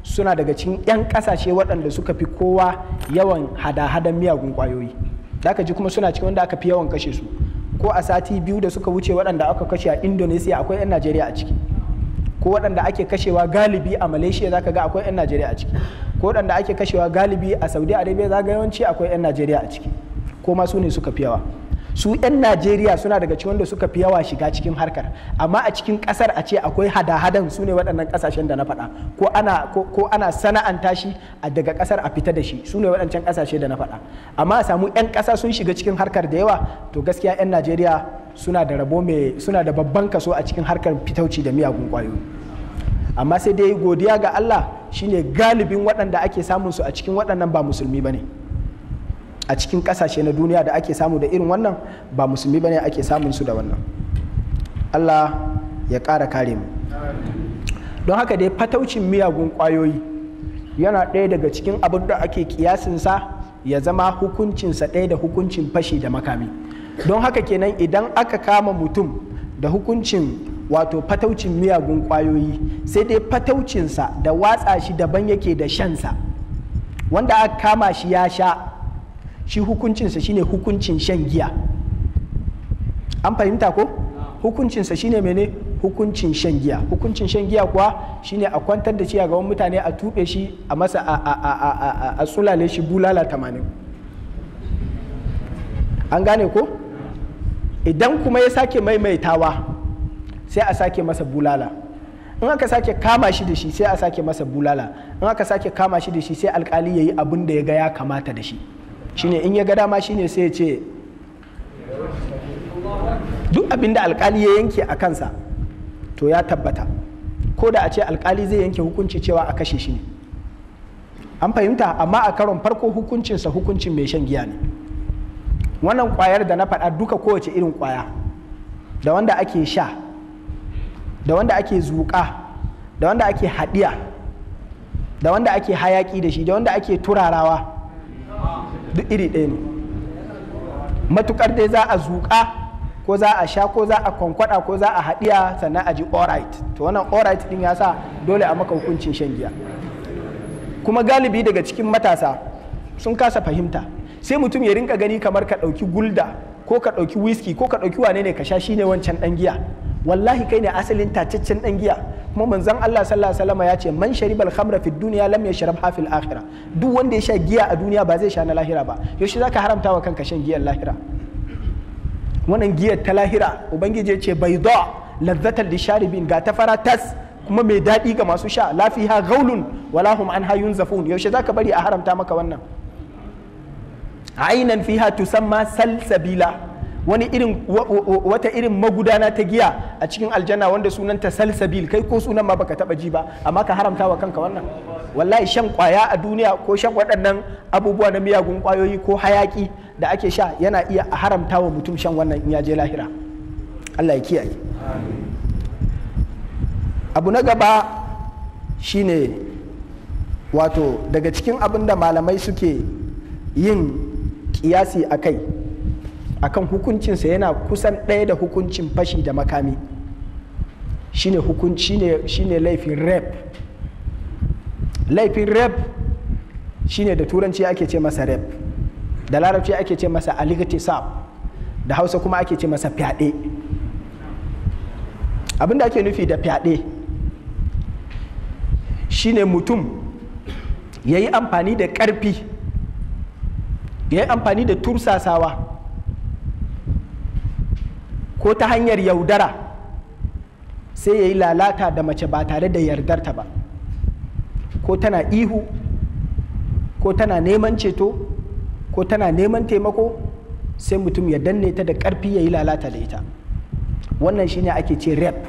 suna daga cikin 'yan kasashe waɗanda suka fi kowa yawan hada-hadan miyagun kwayoyi da aka ji kuma suna cikin wanda aka fi yawan kashe su ko a sati biyu da suka wuce waɗanda aka kashe a indonesia akwai 'yan najeriya a ciki ko waɗanda ake kashewa galibi a malaysia zaka ga akwai 'yan najeriya a ciki ko waɗanda ake kashewa galibi a saudi arabia zaka yawanci akwai 'yan najeriya a ciki ko ma su ne suka fi yawa su 'yan najeriya suna daga cikin wanda suka fi yawa shiga cikin harkar amma a cikin kasar a ce akwai hada-hadan su ne waɗannan kasashen da na faɗa ko ana ko ana sana'anta shi a daga kasar a fita da shi su ne waɗancan kasashe da na faɗa amma a samu 'yan kasa sun shiga cikin harkar da yawa to gaskiya 'yan najeriya suna da rabo mai suna da babban kaso a cikin harkar fitauci da miyagun kwayoyi amma sai dai godiya ga allah shine galibin waɗanda ake samun su a cikin waɗannan ba musulmi ba ne a cikin kasashe na duniya da ake samu da irin wannan ba musulmi bane ake samun su da wannan Allah ya ƙara kare mu don haka dai fataucin miyagun ƙwayoyi yana ɗaya daga cikin abin da ake kiyasinsa ya zama hukuncinsa ɗaya da hukuncin fashi da makami don haka kenan idan aka kama mutum da hukuncin wato fataucin miyagun ƙwayoyi sai dai fataucinsa da watsa shi daban yake da shansa wanda aka kama shi ya sha shi hukuncinsa shine hukuncin shan giya an fahimta ko hukuncinsa shine mene hukuncin shan giya hukuncin shan giya kuwa shine a kwantar da shi a gaban mutane a tuɓe shi a masa a tsulale shi bulala tamanin an gane ko idan kuma ya sake maimaitawa sai a sake masa bulala in aka sake kama shi da shi sai a sake masa bulala in aka sake kama shi da shi sai alkali ya yi abin da ya ga ya kamata da shi shine in ya ga dama shine sai ya ce duk abin da alkali ya yanke a kansa to ya tabbata ko da a ce alkali zai yanke hukunci cewa a kashe shi ne an fahimta amma a karon farko hukuncinsa hukuncin mai shan giya ne wannan kwayar da na faɗa duka kowace irin kwaya da wanda ake sha da wanda ake zuƙa da wanda ake haɗiya da wanda ake hayaƙi da shi da wanda ake turarawa duk iri ɗaya ne matukar dai za a zuƙa ko za a sha ko za a kwankwada ko za a haɗiya sannan a ji alright to wannan alright ɗin ya sa dole a maka hukuncin shan giya kuma galibi daga cikin matasa sun kasa fahimta sai mutum ya rinka gani kamar ka ɗauki gulda ko ka ɗauki whisky ko ka ɗauki wane ne ka sha shi ne wancan ɗan giya wallahi kai ne asalin tacaccen dan giya kuma manzon Allah sallallahu alaihi wasallam ya ce man sharibal khamra fid dunya lam yashrab ha fil akhirah duk wanda ya sha giya a duniya ba zai sha na lahira ba yaushe zaka haramta wa kanka shan giyar lahira wannan giyar ta lahira ubangiji ya ce bayda ladzatal lisharibin ga ta faratas tas kuma mai daɗi ga masu sha lafiha gaulun wala hum anha yunzafun yaushe zaka bari a haramta maka wannan ainan fiha tusamma salsabila wani irin wata irin magudana ta giya a cikin aljanna wanda sunanta salsabil kai ko sunan ma baka taba ji ba amma ka haramta wa kanka wannan wallahi shan kwaya a duniya ko shan waɗannan abubuwa na miyagun kwayoyi ko hayaki da ake sha yana iya a haramta wa mutum shan wannan in ya je lahira Allah ya kiyaye abu na gaba shine wato daga cikin abin da malamai suke yin kiyasi a kai akan hukuncinsa yana kusan ɗaya da hukuncin fashi da makami shine hukunci shine laifin rep laifin rep shine da turanci ake ce masa rep da larabci ake ce masa aligtisab da hausa kuma ake ce masa fyaɗe abinda ake nufi da fyaɗe shine mutum ya yi amfani da ƙarfi ya yi amfani da tursasawa ko ta hanyar yaudara sai ya yi lalata da mace ba tare da yardarta ba ko tana ihu ko tana neman ceto ko tana neman taimako sai mutum ya danne ta da ƙarfi ya yi lalata da ita wannan shine ake ce rep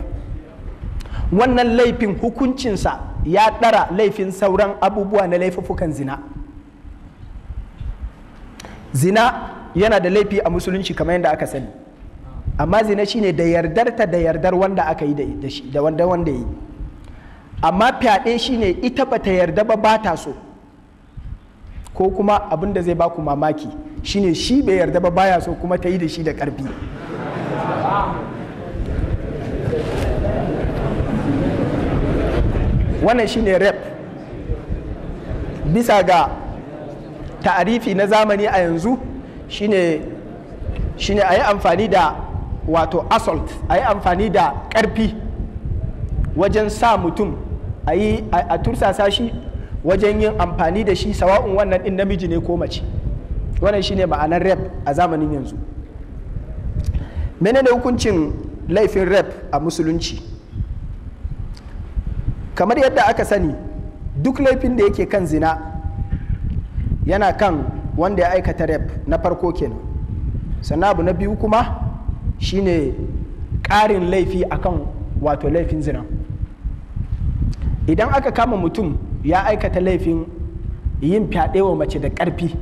wannan laifin hukuncinsa ya ɗara laifin sauran abubuwa na laifuffukan zina zina yana da laifi a musulunci kamar yadda aka sani amma zina shine da yardar ta da yardar wanda aka yi da shi da wanda wanda yi amma fyaɗe shine ita ba ta yarda ba ba ta so ko kuma abin da zai baku mamaki shine shi bai yarda ba baya so kuma ta yi da shi da ƙarfi wannan shine rep bisa ga ta'arifi na zamani a yanzu shine a yi amfani da wato assault a yi amfani da ƙarfi wajen sa mutum a yi a tursasa shi wajen yin amfani da shi sawa'un wannan ɗin namiji ne ko mace wannan shine ma'anar rep a zamanin yanzu menene hukuncin laifin rep a musulunci kamar yadda aka sani duk laifin da yake kan zina yana kan wanda ya aikata rep na farko kenan sannan abu na biyu kuma shine ƙarin laifi akan wato laifin zina idan aka kama mutum ya aikata laifin yin fyaɗe wa mace da ƙarfi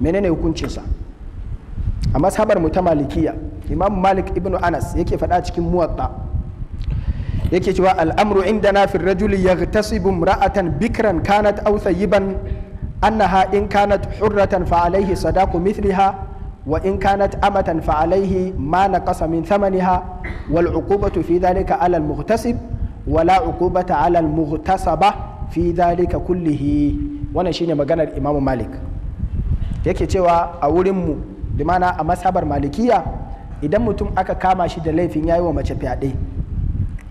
menene hukuncinsa a mashabar mu ta malikiya imam malik ibn anas yake faɗa cikin muwatta yake cewa al'amru inda na fi rajuli ya tasibu ra'atan bikran kanat au annaha in kanat hurratan fa sadaku mithliha wa in kanat amatan fa alaihi ma kasa min thamaniha wal uqubatu fi dhalika ala al muhtasib wala uqubata ala al muhtasaba fi dhalika kullihi wannan shine maganar imamu malik yake cewa a wurin mu mana a masabar malikiya idan mutum aka kama shi da laifin yayi wa mace fyaɗe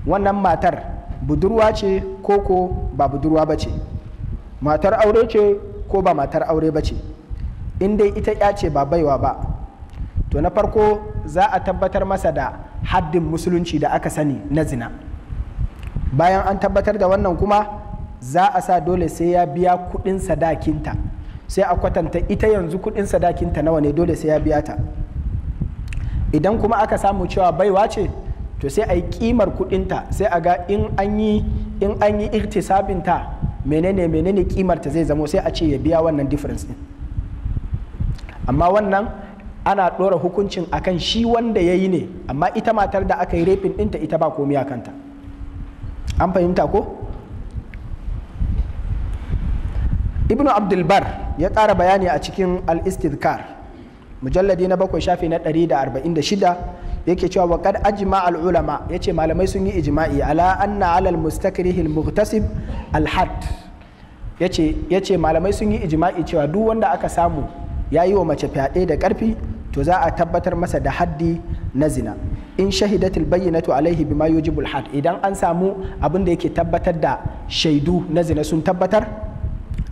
wannan matar budurwa ce ko ko ba budurwa ba matar aure ce ko ba matar aure bace. in dai ita ya ce ba baiwa ba to na farko za a tabbatar masa da haddin musulunci da aka sani na zina bayan an tabbatar da wannan kuma za a sa dole sai ya biya kudin sadakinta sai a kwatanta ita yanzu kudin sadakinta nawa ne dole sai ya biya ta idan kuma aka samu cewa baiwa ce to sai a yi kimar kudinta sai a ga in an yi in an yi menene menene ta zai zamo sai a ce ya biya wannan difference din amma wannan ana ɗora hukuncin akan shi wanda ya yi ne amma ita matar da aka yi rafin ɗinta ita ba komi a kanta an fahimta ko ibnu abdulbar ya ƙara bayani a cikin al-istidkar mujalladi na bakwai shafi na 146 yake cewa wa kad ajma al ulama yace malamai sun yi ijma'i ala anna ala al mustakrih al al had yace yace malamai sun yi ijma'i cewa duk wanda aka samu ya yi wa mace fyaɗe da ƙarfi to za a tabbatar masa da haddi na zina in shahidatul bayyinatu alaihi bima yujibul had idan an samu abin da yake tabbatar da shaidu na zina sun tabbatar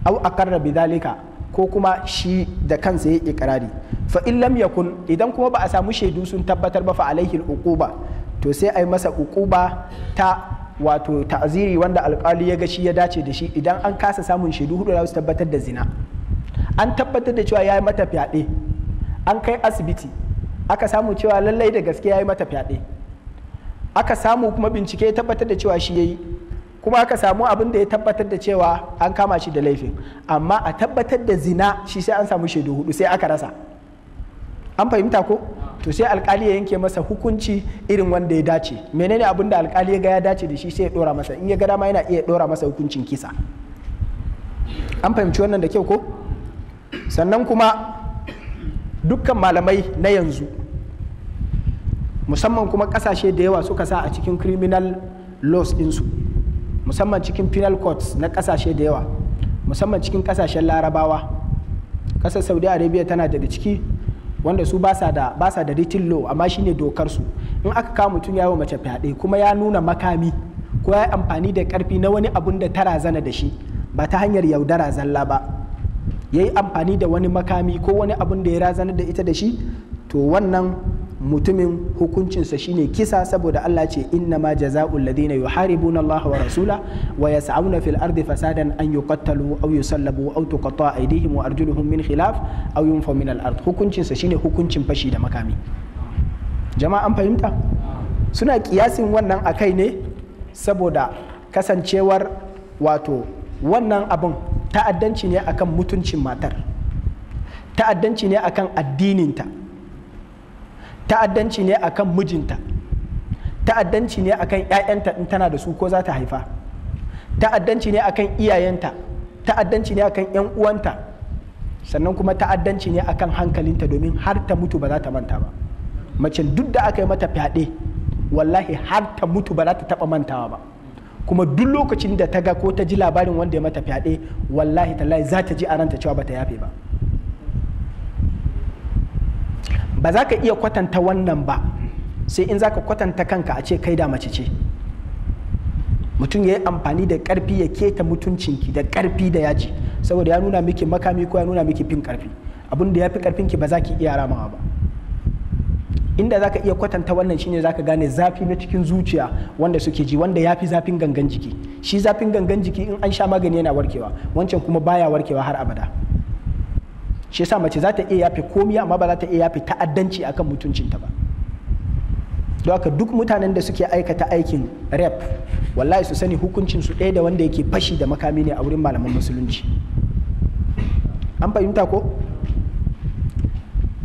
au aqarra bidhalika ko kuma shi da kansa ya ikrari fa in lam yakun idan kuma ba a samu shaidu sun tabbatar ba fa alaihi uquba to sai ai masa uquba ta wato ta'ziri wanda alƙali ya ga shi ya dace da shi idan an kasa samun shaidu hudu za su tabbatar da zina an tabbatar da cewa ya yi mata fyaɗe an kai asibiti aka samu cewa lallai da gaske ya yi mata fyaɗe aka samu kuma bincike ya tabbatar da cewa shi ya yi kuma aka samu abin da ya tabbatar da cewa an kama shi da laifin amma a tabbatar da zina shi sai an samu shaidu hudu sai aka rasa an fahimta ko to sai alkali ya yanke masa hukunci irin wanda ya dace menene abin da alkali ya ga ya dace da shi sai ya dora masa in ya ga dama yana iya dora masa hukuncin kisa an fahimci wannan da kyau ko sannan kuma dukkan malamai na yanzu musamman kuma kasashe da yawa suka sa a cikin criminal laws ɗinsu musamman cikin penal courts na kasashe da yawa musamman cikin kasashen larabawa kasar saudi arabia tana da ciki wanda su basa da basa da written law amma shine dokar su in aka kama mutum yawo mace fyaɗe kuma ya nuna makami ko ya amfani da karfi na wani abun da tara zana da shi ba ta hanyar yaudara zalla ba ya yi amfani da wani makami ko wani abin da ya razanar da ita da shi to wannan mutumin hukuncinsa shine kisa saboda Allah ce inna ma jaza'ul ladina yuharibuna Allah wa rasula wa yas'una fil ardi fasadan an yuqattalu aw yusallabu aw tuqatta aydihim wa arjuluhum min khilaf aw yunfa min al ard hukuncinsa shine hukuncin fashi da makami jama'a an fahimta suna kiyasin wannan akai ne saboda kasancewar wato wannan abin ta'addanci ne akan mutuncin matar ta'addanci ne akan addininta ta'addanci ne akan mijinta ta'addanci ne akan 'ya'yanta in tana da su ko za ta haifa ta'addanci ne akan iyayenta ta'addanci ne akan 'yan uwanta sannan kuma ta'addanci ne akan hankalinta domin har ta mutu ba za ta manta ba mace duk da aka yi mata fyaɗe wallahi har ta mutu ba za ta taɓa mantawa ba kuma duk lokacin da ta ga ko ta ji labarin wanda ya mata fyaɗe wallahi tallahi za ta ji a ranta cewa bata yafe ba ba za ka iya kwatanta wannan ba sai in za ka kwatanta kanka a ce kai da mace ce mutum ya yi amfani da karfi ya keta mutuncinki da karfi da yaji saboda ya nuna miki makami ko ya nuna miki fin karfi abin da ya fi karfinki ba za ki iya ramawa ba inda zaka iya kwatanta wannan shine zaka gane zafi na cikin zuciya wanda suke ji wanda yafi zafin gangan jiki shi zafin gangan jiki in an sha magani yana warkewa wancan kuma baya warkewa har abada shi yasa mace za ta iya yafe komi amma ba za ta iya yafe ta'addanci akan mutuncinta ba don haka duk mutanen da suke aikata aikin rep wallahi su sani hukuncin su ɗaya da wanda yake fashi da makami ne a wurin malaman musulunci an fahimta ko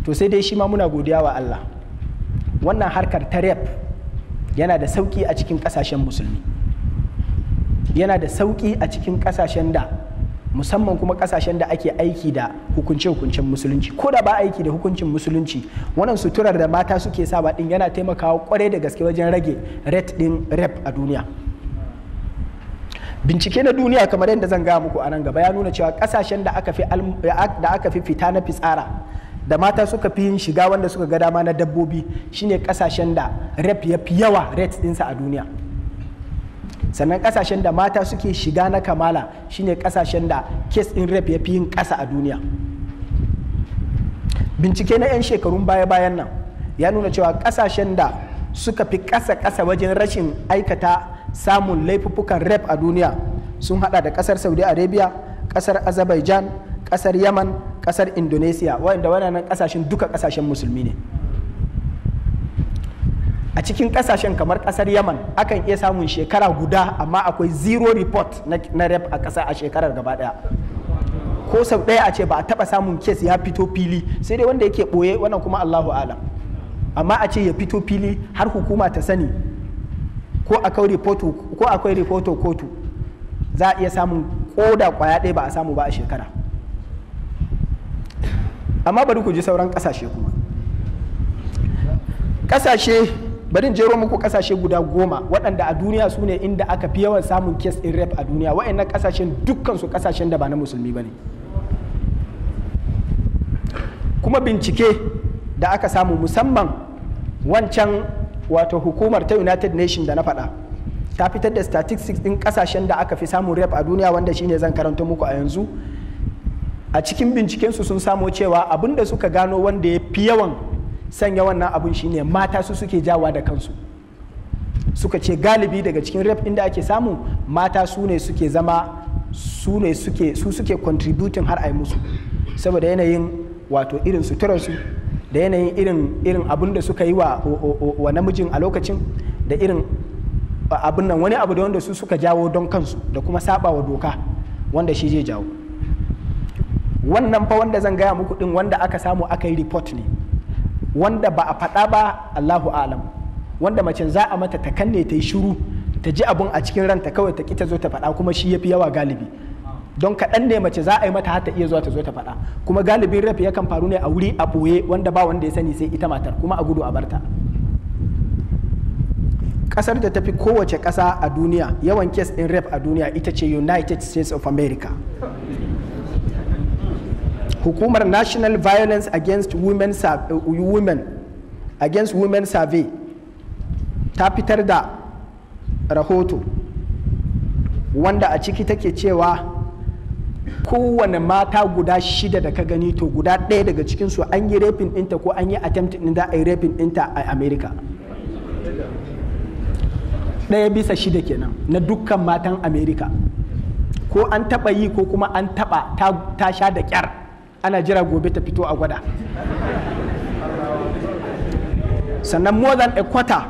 to sai dai shi ma muna godiya wa Allah wannan harkar ta rep yana da sauƙi a cikin ƙasashen musulmi yana da sauƙi a cikin ƙasashen da musamman kuma kasashen da ake aiki da hukunce-hukuncen musulunci ko da ba aiki da hukuncin musulunci wannan suturar da mata suke sa ba din yana taimakawa kwarai da gaske wajen rage ret din rep a duniya bincike na duniya kamar yadda zan gaya muku a nan gaba ya nuna cewa kasashen da aka fi fita na fitsara da mata suka fi yin shiga wanda suka ga dama na dabbobi shine kasashen da rep ya fi yawa rate dinsa a duniya sannan kasashen da mata suke shiga na kamala shine kasashen da kes in rep ya fi yin kasa a duniya bincike na 'yan shekarun baya-bayan nan ya nuna cewa kasashen da suka fi kasa-kasa wajen rashin aikata samun laifuffukan rep a duniya sun hada da kasar saudi arabia kasar azerbaijan kasar yaman kasar indonesia wanda wannan kasashen duka kasashen musulmi ne a cikin kasashen kamar kasar yaman akan iya samun shekara guda amma akwai zero report na, na rep a kasa a shekarar gaba daya ko sau daya a ce ba a taba samun kes ya fito fili sai dai wanda yake boye wannan kuma allahu alam amma a ce ya fito fili har hukuma ta sani ko akwai ripoto kotu za a iya samun koda kwaya ɗaya ba a samu ba a shekara amma bari ku ji sauran kasashe kuma kasashe bari jero muku kasashe guda goma waɗanda a duniya su ne inda aka fi yawan samun kes in rep a duniya waɗannan kasashen dukkan su kasashen da ba na musulmi ba ne kuma bincike da aka samu musamman wancan wato hukumar ta united nation da na faɗa ta fitar da statistics ɗin kasashen da aka fi samun rep a duniya wanda shine zan karanta muku a yanzu a cikin bincikensu sun samo cewa abin da suka gano wanda ya fi yawan sanya wannan abin shine mata su suke jawa da kansu suka ce galibi daga cikin rap inda ake samu mata su ne suke zama su ne suke su suke contributing har a yi musu saboda yanayin wato irin suturarsu da yanayin irin irin abin da suka yi wa wa namijin a lokacin da irin abin nan wani abu da wanda su suka jawo don kansu da kuma saba wa doka wanda shi zai jawo wannan fa wanda zan gaya muku din wanda aka samu aka yi report ne wanda ba a faɗa ba Allahu alam wanda mace za a mata ta kanne ta yi shiru ta ji abun a cikin ranta kawai ta kita zo ta faɗa kuma shi yafi yawa galibi don kaɗan ne mace za a yi mata har ta iya zuwa ta zo ta faɗa kuma galibin rafi yakan faru ne a wuri a ɓoye wanda ba wanda ya sani sai ita matar kuma a gudu a barta ƙasar da tafi kowace ƙasa a duniya yawan kes ɗin rap a duniya ita ce united states of america hukumar national violence against women, eh, women against women survey ta fitar da rahoto wanda a ciki take cewa kowane mata guda shida da ka gani to guda ɗaya daga cikinsu an yi rafin ɗinta ko an yi attempt ɗin za a yi rafin ɗinta a america ɗaya bisa shida kenan na dukkan matan america ko an taɓa yi ko kuma an taɓa ta sha da ƙyar ana jira gobe ta fito a gwada sannan more than a quarter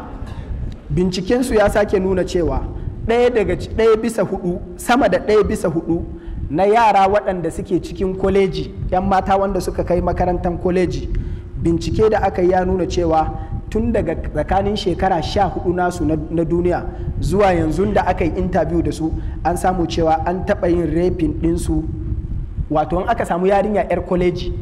bincikensu ya sake nuna cewa ɗaya daga ɗaya bisa hudu sama da ɗaya bisa hudu na yara waɗanda suke cikin koleji 'yan mata wanda suka kai makarantar koleji bincike da aka yi ya nuna cewa tun daga tsakanin shekara sha hudu nasu na duniya zuwa yanzu da aka yi intabiyu da su an samu cewa an taɓa yin rafin ɗinsu wato in aka samu yarinya yar kwaleji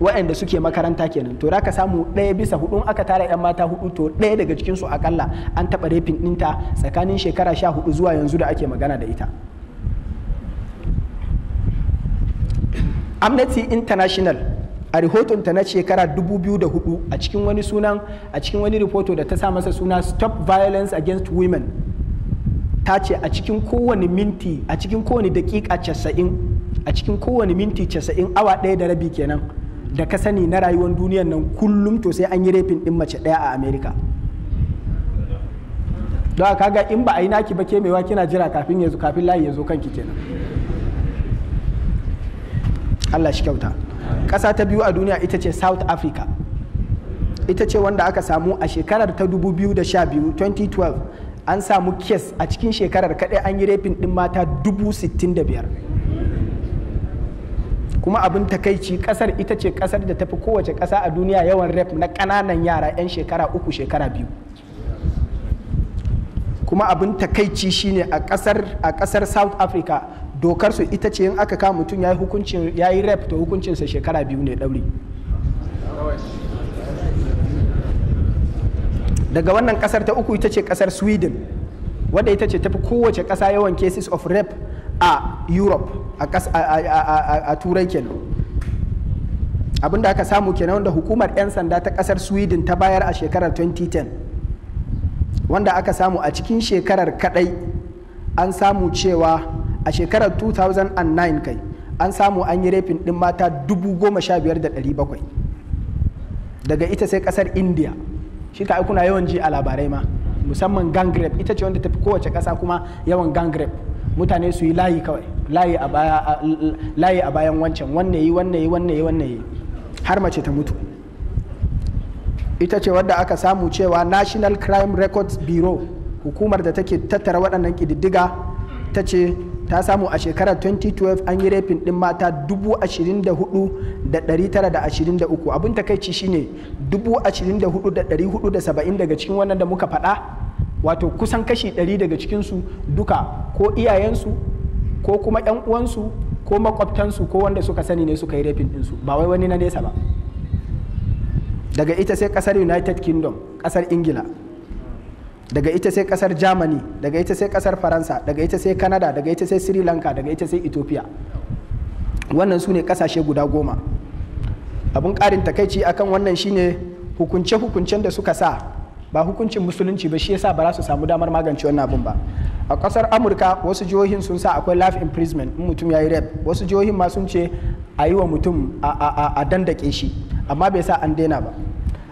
waɗanda suke makaranta kenan to da ka samu ɗaya bisa hudu aka tara yan mata hudu to ɗaya daga cikin su akalla an taɓa refin ɗinta tsakanin shekara sha hudu zuwa yanzu da ake magana da ita amnesty international a ta na shekara 2004 a cikin wani sunan a cikin wani rahoto da ta sa masa suna stop violence against women ta ce a cikin kowane minti a cikin kowane daƙiƙa casa'in a cikin kowane minti casa'in awa ɗaya da rabi kenan da ka sani na rayuwar duniyar nan kullum to sai an yi rafin ɗin mace ɗaya a amerika don kaga in ba a yi naki ba kemewa kina jira kafin yanzu kafin layi ya kanki kenan allah shi kyauta ƙasa ta biyu a duniya ita ce south africa ita ce wanda aka samu a shekarar ta 2012 2012 an samu kes a cikin shekarar kaɗai an yi rafin ɗin mata 65 kuma abin takaici kasar ita ce kasar da tafi kowace kasa a duniya yawan rep na kananan yara 'yan shekara uku shekara biyu kuma abin takaici shine a kasar a kasar south africa dokar su ita ce in aka kama mutum ya yi hukuncin ya yi rep to hukuncinsa shekara biyu ne dauri daga wannan kasar ta uku ita ce kasar sweden wadda ita ce tafi kowace kasa yawan cases of rep a europe a turai kenan abinda aka samu kenan wanda hukumar 'yan sanda ta kasar sweden ta bayar a shekarar 2010 wanda aka samu a cikin shekarar kadai an samu cewa a shekarar 2009 kai an samu an yi rafin din mata 15,700 daga ita sai kasar india shi ka kuna yawan ji a labarai ma musamman gang ita ce wanda ta fi kowace kasa kuma yawan gang mutane su yi layi kawai layi a bayan wancan wanne yi wanne yi wanne yi wanne yi har mace ta mutu ita ce wadda aka samu cewa national crime records bureau hukumar da take tattara waɗannan ƙididdiga ta ce ta samu a shekarar 2012 an yi rafin ɗin mata 24,923 abin takaici shine 24,470 daga cikin wannan da muka faɗa wato kusan kashi ɗari daga cikinsu duka ko iyayensu ko kuma yan uwansu ko makwabtansu ko wanda suka sani ne suka yi rafin ɗinsu ba wai wani na nesa ba daga ita sai kasar united kingdom kasar ingila daga ita sai kasar germany daga ita sai kasar faransa daga ita sai canada daga ita sai sri lanka daga ita sai ethiopia wannan su ne kasashe guda goma abin ƙarin takaici akan wannan shine hukunce-hukuncen da suka sa ba hukuncin musulunci ba shi yasa ba za su samu damar magance wannan abun ba a kasar amurka wasu jihohin sun sa akwai life imprisonment in mutum ya yi rape wasu jihohin ma sun ce a yi wa mutum a dandake shi amma bai sa an daina ba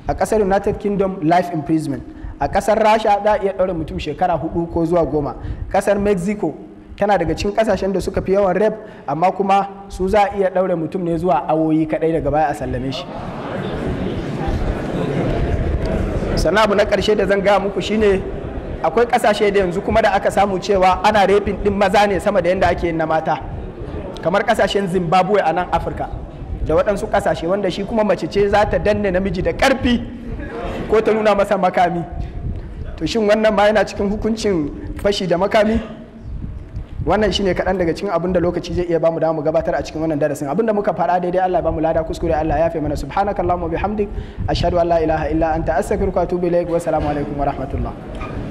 a kasar united kingdom life imprisonment a kasar rasha za a iya ɗaure mutum shekara hudu ko zuwa goma kasar mexico tana daga cikin kasashen da suka fi yawan rape amma kuma su za a iya ɗaure mutum ne zuwa awoyi kaɗai daga baya a sallame shi sannan abu na ƙarshe da zan gaya muku shine akwai ƙasashe da yanzu kuma da aka samu cewa ana rafin ɗin maza ne sama da yadda ake yin na mata kamar ƙasashen zimbabwe a nan afirka da waɗansu kasashe wanda shi kuma mace ce za ta danne namiji da karfi ko ta nuna masa makami to shin wannan ma yana cikin hukuncin fashi da makami wannan shine kaɗan daga cikin abin da lokaci zai iya bamu damu gabatar a cikin wannan darasin abin da muka faɗa daidai Allah bamu lada kuskure Allah ya fi mana subhanakallahumma bihamdik ashhadu an la ilaha illa anta astaghfiruka wa atubu ilaik wa assalamu alaikum wa rahmatullah